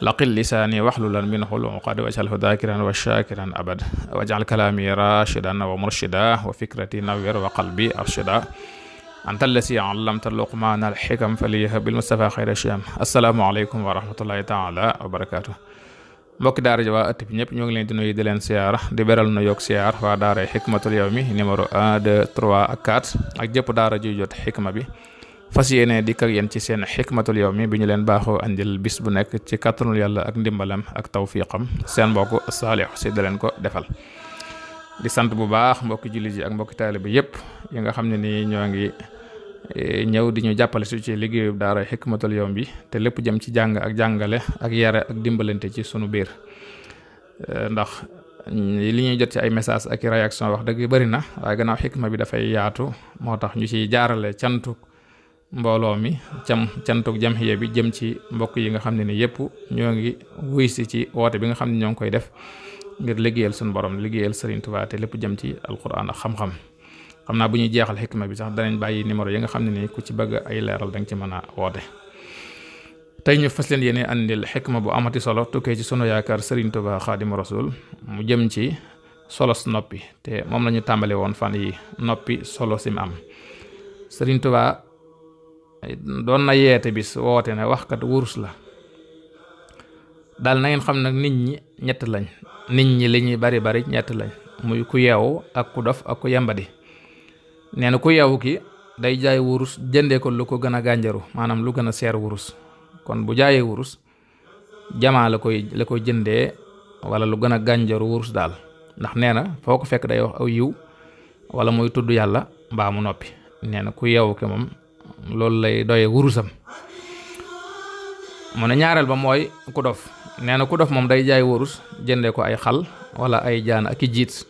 laqil lisaani waxlulan minhu lumuqad waj'alhu dhaakiran wa shaakiran abad waj'al kalaami raashidan wa murshida wa fikrati nawwir wa qalbi arshida anta allasi allamta luqmaana alxikam faliyahab bil mustafa xayra shiyam assalaamu aleykum wa rahmatullahi taala wa barakaatu mbokki daara ji waa ëtt bi ñëpp ñoo ngi leen di nuyu di leen siyaar di beral nu yokk siyaar waa daara xikmatul yawmi numéro 1 bi fas yéene dikk ak yéen ci seen xikmatul yawmi bi ñu leen baaxoo andil bis bu nekk ci kàttanul yàlla ak ndimbalam ak tawfiqam seen mbokk Saliou Sy leen ko defal di sant bu baax mbokki jullit yi ak mbokki taalibe yépp yi nga xam ne ni ñoo ngi e, ñëw di ñu jàppale su ci liggéeyu daara xikmatul yawmi bi te lépp jëm ci jàng ak jàngale ak yare ak dimbalante ci sunu biir e, ndax li ñuy jot ci ay message ak i réaction wax dëgg bëri na waaye gannaaw xikma bi dafay yaatu moo tax ñu mbooloo mi cam cantuk jamhiya bi jëm ci mbokk yi nga xam ne ni yëpp ñoo ngi wuy si ci woote bi nga xam ne ñoo ngi koy def ngir liggéeyal sunu borom liggéeyal Serigne Touba te lépp jëm ci alquran ak xam-xam xam naa bu ñuy jeexal xikma bi sax danañ bàyyi numéro yi nga xam ne nii ku ci bëgg ay leeral danga ci mën a woote tey ñu fas leen yéene andil xikma bu amati solo tukkee ci sunu yaakaar Serigne Touba Xaadimu Rasuul mu jëm ci solos noppi te moom la ñu tàmbale woon fan yi noppi solo sim am doon na yeete bis woote ne waxkat wurus la daal na ngeen xam nag nit ñi ñett lañ nit ñi li ñuy bari bari ñett lañ muy ku yeewu ak ku dof ak ku yembadi nee na ku yeewu ki day jaay wurus jëndee ko lu ko gën a gànjaru maanaam lu gën a seer wurus kon bu jaayee wurus jamaa la koy la koy jëndee wala lu gën a gànjaru wurus daal ndax nee na foo ko fekk day wax aw yiw wala muy tudd yàlla mbaa mu noppi nee ku yeewu ki moom loolu lay doye wurusam mu ne ñaareel ba mooy ku dof nee na ku dof moom day jaay wurus jëndee ko ay xal wala ay jaan ak i jiit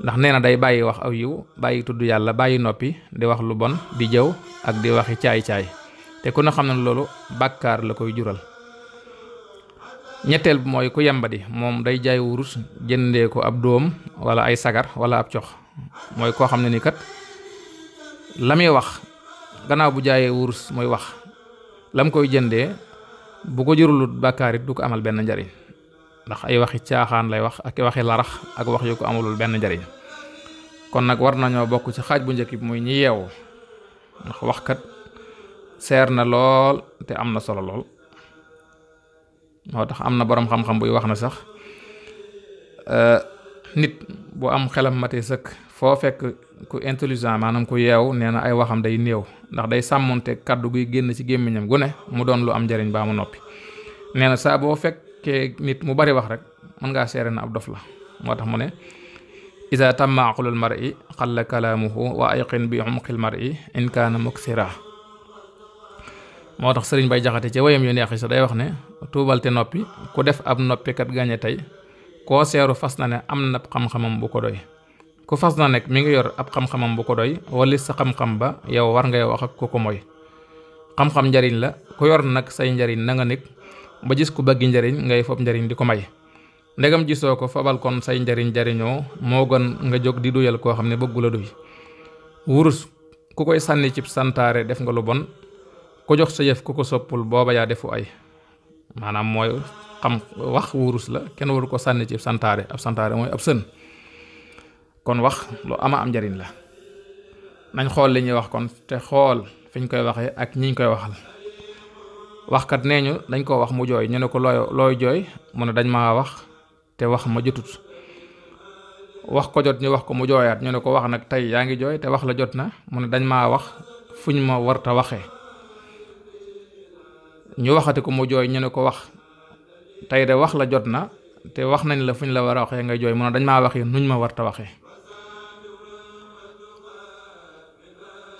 ndax nee na day bàyyi wax aw yiw bàyyi tudd yàlla bàyyi noppi di wax lu bon di jëw ak di waxi caay-caay te ku ne xam ne loolu bàkkaar la koy jural ñetteel bi mooy ku yembadi moom day jaay wurus jënde ko ab dóom wala ay sagar wala ab cox mooy koo xam ne ni kat la muy wax gannaaw bu jaayee wurus mooy wax lam koy jëndee bu ko jërulut bàkkaar du ko amal benn njariñ ndax ay waxi caaxaan lay wax ak waxi larax ak wax yu ko amalul benn njariñ kon nag war nañoo bokk ci xaaj bu njëkk bi muy ñi yeewu ndax kat seer na lool te am na solo lool moo tax am na boroom xam-xam buy wax na sax euh, nit bu am xelam matee sëkk foo fekk ku intelligent maanaam ku yeew nee na ay waxam day néew ndax day sàmmonte kaddu guy génn ci gémmiñam gu ne mu doon lu am njariñ baa mu noppi nee na saa boo fekkee nit mu bari wax rek mën ngaa seere na ab dof la moo tax mu ne ida tamma aqlul mar'i qalla kalaamuhu wa ayqin bi umqil mar'i in kaana muksira moo tax sëriñ bay jaxate ci wayam yu neex yi sa day wax ne tuubal te noppi ku def ab noppikat gañe tey koo seeru fas na ne am na xam-xamam ko doy ku fas na nekk mi ngi yor ab xam-xamam bu ko doy walis sa xam-xam ba yow war ngay wax ak ku ko moy xam-xam njariñ la ku yor nag say njariñ na nga nekk ba gis ku bëgg njariñ ngay fob njariñ di ko may ndegam gisoo ko fabal kon say njariñ jariñoo moo gën nga jóg di duyal koo xam ne bëggu la duy wurus ku koy sànni cib santaare def nga lu bon ku jox sa yëf ku ko soppul booba yaa defu ay maanaam mooy xam wax wurus la kenn waru ko sànni cib santaare ab santaare mooy ab sën kon wax lu ama am njariñ la nañ xool li ñuy wax kon te xool fi ñu koy waxee ak ñi ñu koy waxal waxkat nee ñu dañ koo wax mu jooy ñu ne ko looy looy jooy mu ne dañ maa wax te wax ma jotut wax ko jot ñu wax ko mu jooyaat ñu ne ko wax nag tey yaa ngi jooy te wax la jot na mu ne dañ maa wax fu ñu ma warta waxee ñu waxati ko mu jooy ñu ne ko wax tey de wax la jot na te wax nañ la fuñ la war a waxee ngay jooy mu ne dañ maa nu ñu ma warta waxee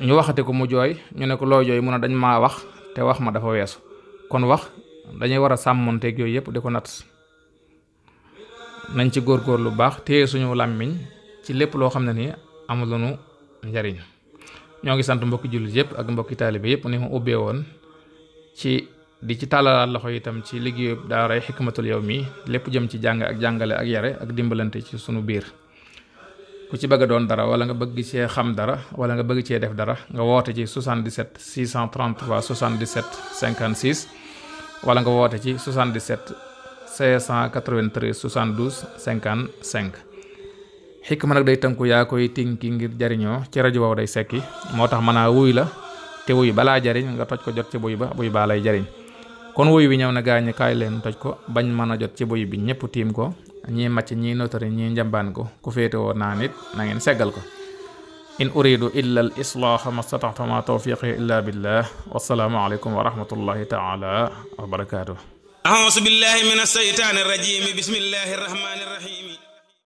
ñu waxati ko mu jooy ñu ne ko loo jooy mun ne dañ maa wax te wax ma dafa weesu kon wax dañuy war a sàmmonteeg yooyu yëpp di ko nat nañ ci góor góor lu baax téye suñu làmmiñ ci lépp loo xam ne ni amul lu njariñ ñoo ngi sant mbokki jullit yëpp ak mbokki taalibe yëpp ni ma ubbee woon ci di ci tàllalaat loxo itam ci liggéeyu daaray xikmatul mii lépp jëm ci jàng ak jàngale ak yare ak dimbalante ci suñu biir ku ci bëgg doon dara wala nga bëgg cee xam dara wala nga bëgg cee def dara nga woote ci 77 633 77 56 wala nga woote ci 77 693 72 55. ma nag day tënku yaa koy tinki ngir jariñoo ci rajo wow day sekki moo tax mën a wuy la te wuy balaa jariñ nga toj ko jot ci buy ba buy baa lay jariñ kon wuy bi ñëw na gaañu kaay leen toj ko bañ mën a jot ci buy bi ñëpp tiim ko ñii macc ñii notari ñii njambaan ko ku féete woo naa nit na ngeen seggal ko in uridu illa al islaaha mastata'tu ma tawfiqi illa billah wassalaamu aleykum wa rahmatullahi taala wa barakatuh a'uuzu billahi